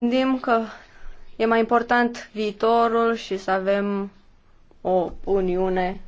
gândim că e mai important viitorul și să avem o uniune